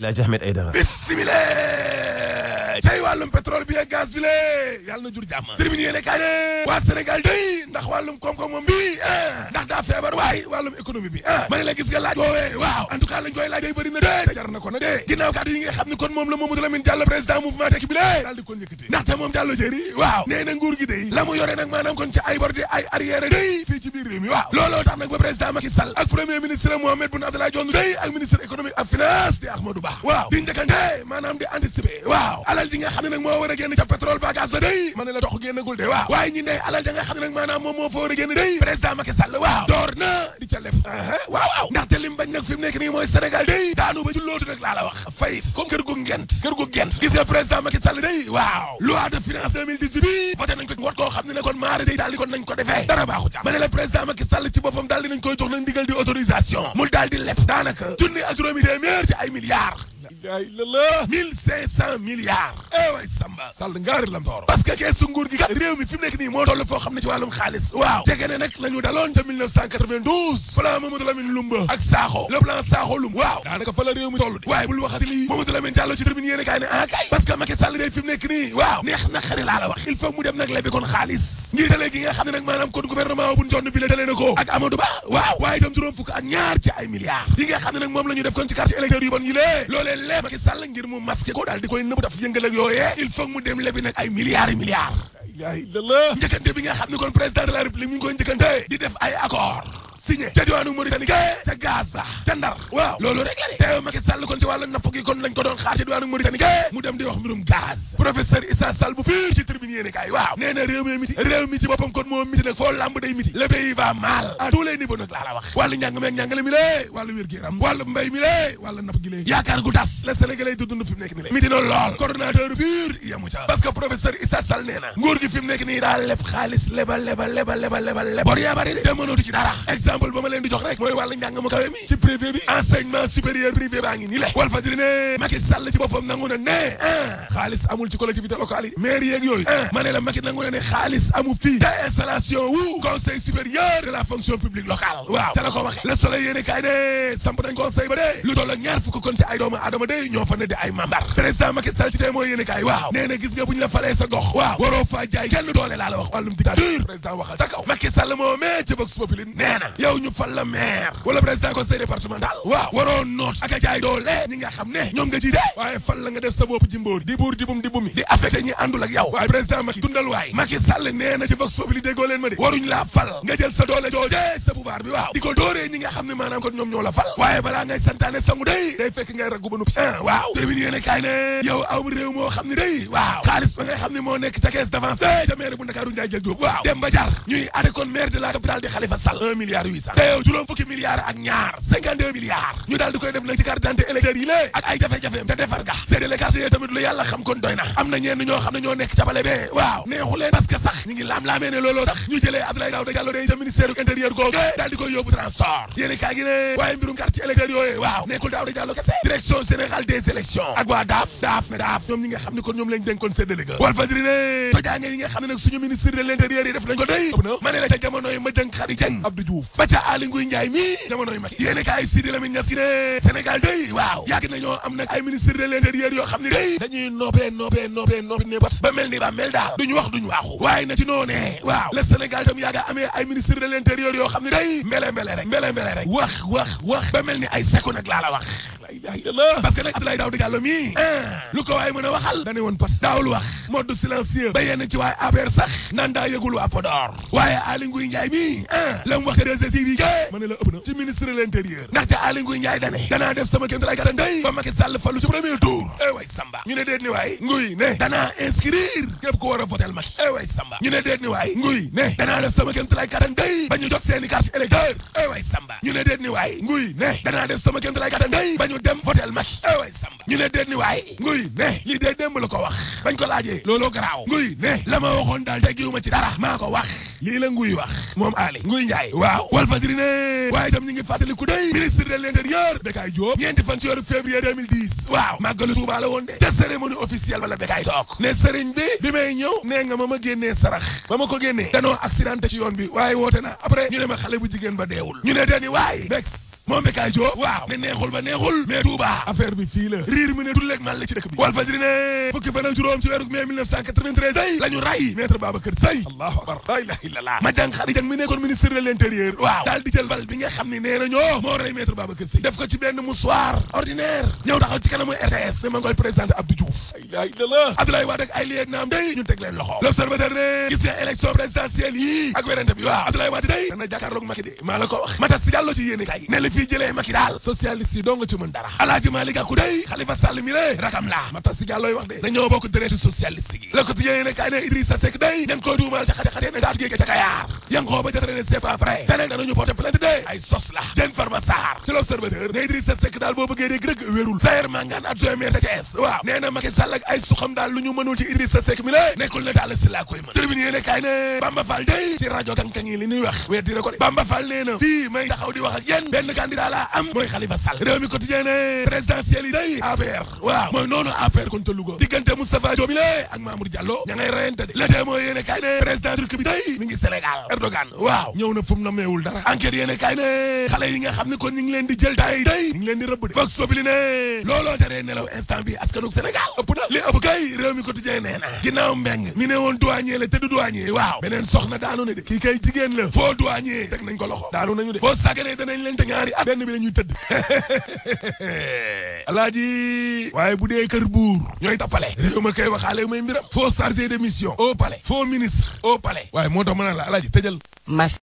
لا الحاج اي ايدغا بسم الله waay say wàllum bi ak gaz bi lée na jur jàmm terminé yéene kaay waa Sénégal day ndax wàllum koom-koom moom bi ah eh, ndax daa feebar waay wàllum économie bi ah ma ne la gis laaj woowee waaw en tout cas lañ koy day bëri na dé te jar na ko yi nga xam kon moom la Mamadou Lamine Diallo président mouvement tekki bi lée daal di kon yëkkati ndaxte moom Diallo nguur gi day la mu yoree nag maanaam kon ci ay bor di ay arrière day fii ci biir réew mi waaw alal ji nga xam ne nag moo a génn ca pétrole ba gaz la a génn day président Macky Sall waaw na di ca lef waaw waaw ndaxte lim bañ nag fi mu nekk nii mooy Sénégal day daanu ba ci lootu nag la wax fayit comme kër gu ngent kër gu ngent gis nga président Macky Sall day waaw loi de finance 2018 bi voté nañ ko wat koo ko jox nañ ndigal di autorisation mu daal di leb daanaka junni ak juróomi téeméer ci ay milliards ilaha illallah mille cinq eh way samba sàll ngaari lam tooro parce keesu nguur gi kat réew fi mu nii moo toll foo xam ne ci wàllum xaalis waaw jege ne nag daloon ca 1992 plan Mamadou Lamine Lumba ak Sakho le plan Sakho Lumba waaw daanaka la réew mi toll ah waaw neex na xari laa wax il faut mu dem nag lebi kon xaalis ngir dalee nga xam ne maanaam kon gouvernement bu jonn bi la ko ak Amadou Ba waaw waaye itam juróom fukk ak ñaar ci ay milliards yi loolee Macky Sall ngir mu masqué ko daal di koy nëbb daf yëngal ak yooyee il faut mu dem lebi nag ay milliards milliards. la ilaha illallah njëkkante bi nga xam ne kon président de la république mi koy njëkkante di def ay accord signé ca diwaanu Mauritanie gée ca gaz ba ca ndar waaw loolu rek la de teew Macky Sall kon ci kon ca diwaanu Mauritanie gée mu dem di wax kon le pays va miti na lool coordonnateur pur yemu ca parce que professeur Issa Sall nee na nguur gi fi mu nekk nii daal leb xaalis lebal lebal lebal lebal lebal lebal bor bari de mënootu ci dara exemple exemple ba ma leen di jox rek mooy wàllu njàng mu kawe mi la Macky nangu na ne xaalis conseil ba de lu toll ak ñaar fukk kon ci ay doomu aadama de ñoo fa ne di ay mambar président Macky Sall ci tey mooy yéene waaw nee gis nga bu la falee gox waaw waroo faa kenn doole laa wax wàllum dictature président waxal ca kaw Macky Sall moo ci vox populi nee yow ñu fal la maire wala président conseil départemental waaw waroo noot ak a jaay doole ñi nga xam ne ñoom nga jiite waaye fal la nga def sa bopp jimbóor di buur di bum di bumi di affecté ñi àndul ak yow waaye président maki dundal waay maki Sall nee na ci vox populi déggoo leen ma de waruñ laa fal nga jël sa doole jooje sa pouvoir bi waaw di ko dóoree ñi nga xam ne maanaam kon ñoom ñoo la fal waaye balaa ngay santaane sangu day day fekk ngay raggu ba nupp ah waaw ñu yéene kaay ne yow aw réew moo xam ne day waaw xaalis ba nga xam ne moo nekk ca caisse d'avance ca maire bu Ndakaaru Ndiaye jël Diop waaw dem ba jar ñuy ade kon maire de la capitale di Khalifa Sall un milliard 800 te yow juróom fukki milliards ak ñaar 52 milliards ñu koy def nag ci carte d'identité électeurs yi ak ay jafe-jafeem te defar ga séddale carte yi tamit lu yàlla xam kon doy na am na ñenn ñoo xam ne ñoo nekk cabale bee waaw neexu leen parce sax ñu ngi laam-laamee ne looloo tax ñu jëlee Abdoulaye Daouda Diallo day ca ministère intérieur googu daal koy yóbbu transport yéene kaa ne waaye mbirum carte électeurs yooyu waaw nekkul Daouda ne daaf ñoom ñi nga xam ne ba ca Aly Ngouille Ndiaye mii jamonoy mag yéene kaay Sidi Lamine Niass ne Sénégal day waaw yàgg nañoo am nag ay ministre de l'intérieur yoo xam ne day dañuy noppee noppee noppee noppi ne bat ba mel ni ba mel daal duñu wax duñu waaxu waaye na ci noonee waaw le Sénégal tam yàgg amee ay ministre de l'intérieur yoo xam ne day mbele mbele rek mbele mbele rek wax wax wax ba mel ni ay seko nag laa la wax ilaha illallah parce que nag Abdoulaye Daouda Diallo mii ah. lu ko waaye mën a waxal dane woon pat daawul wax mode silencieux ba yenn ci waaye affaire sax naan daa yëgul waa Podor waaye Aly Ngouille Ndiaye mii ah. la mu waxe desesi bi ma la ëpp na ci ministre l'intérieur ndaxte Aly Ngouille Ndiaye dane danaa def sama kéem talaay kattan day ba Macky Sall fallu ci premier tour eh way Samba ñu ne déet ni waay nguy ne danaa a eh def sama kéem talaay kattan day ba ñu jot seeni carte électeur eh dem votel Macky eh way samba ñu ne déet ni waay nguy ne lii dee démb la ko wax bañ ko laajee looloo garaaw nguy ne la ma waxoon daal teggiwuma ci dara maa ko wax lii la nguy wax moom Ali nguy Ndiaye waaw wal fajri ne waaye itam ngi fàttali ku dey ministre de l'intérieur Bekaay Diop ñeenti fan ci weeru février waaw màggalu Tuuba la woon de ca cérémonie officielle wala Bekaay toog ne sëriñ bi bi may ñëw nee nga ma ma génnee sarax ba ma ko génnee danoo accidenté ci yoon bi waaye woote na après ñu ne ma xale bu jigéen ba deewul ñu ne deni waay bex moom Bekaay Diop waaw ne neexul ba neexul mais Touba affaire bi illallah Madiang Khary Dieng mi nekkoon ministre de l'intérieur waaw daal di jël bal bi nga xam ne ñoo moo rey maître Babacar Seye def ko ci benn mouchoir ordinaire ñëw taxaw ci kanamu RTS ne ma ngoy présenté Abdou Diouf la ilaha ay liyeeg naam ñu teg leen loxo l'observateur ne gis nga élection présidentielle yi ak werante bi waaw Abdoulaye Wade day dana jàkkaarloog Macky de maa la ko wax Matas si Diallo ci yéene kay ne li fii jëlee Macky daal socialiste yi ci mën ca Kayar Yankhoba Diattara ne c'est pas vrai te nag danañu porter plainte de ay sos la Dieng Farba Sarr ci l'observateur ne Idrissa Seck daal boo bëggee dégg dëgg wérul Sayer Mangane adjoint maire ca Thiès waaw nee na Macky ay suxam daal lu ñu mënul ci Idrissa Seck mi la nekkul na daal si laa koy mën tribune yéene kaay ne Bamba Fall Bamba Fall nee na may taxaw di wax ak benn candidat laa am mooy Khalifa Sall réew mi quotidien ne présidentiel day APR ngi Sénégal Erdogan waaw ñëw na fu mu nameewul dara enquête yéene kaay ne xale yi nga xam ne kon ñu ngi leen di jël tay tay ñu ngi leen di rëbb de vox populi ne looloo teree nelaw instant bi askanu Sénégal ëpp na li ëpp kay réew mi quotidien nee na ginnaaw mbeng mi ne woon douanier la te du douanier waaw beneen soxna daanu ne de kii kay jigéen la foo douanier teg nañ ko loxo daanu nañu de boo sàgganee danañ leen te la ñuy waaye bu dee kër buur ñooy tappale réew ma koy waxaale may mission au palais tax na ne la alaaji tëjal. mas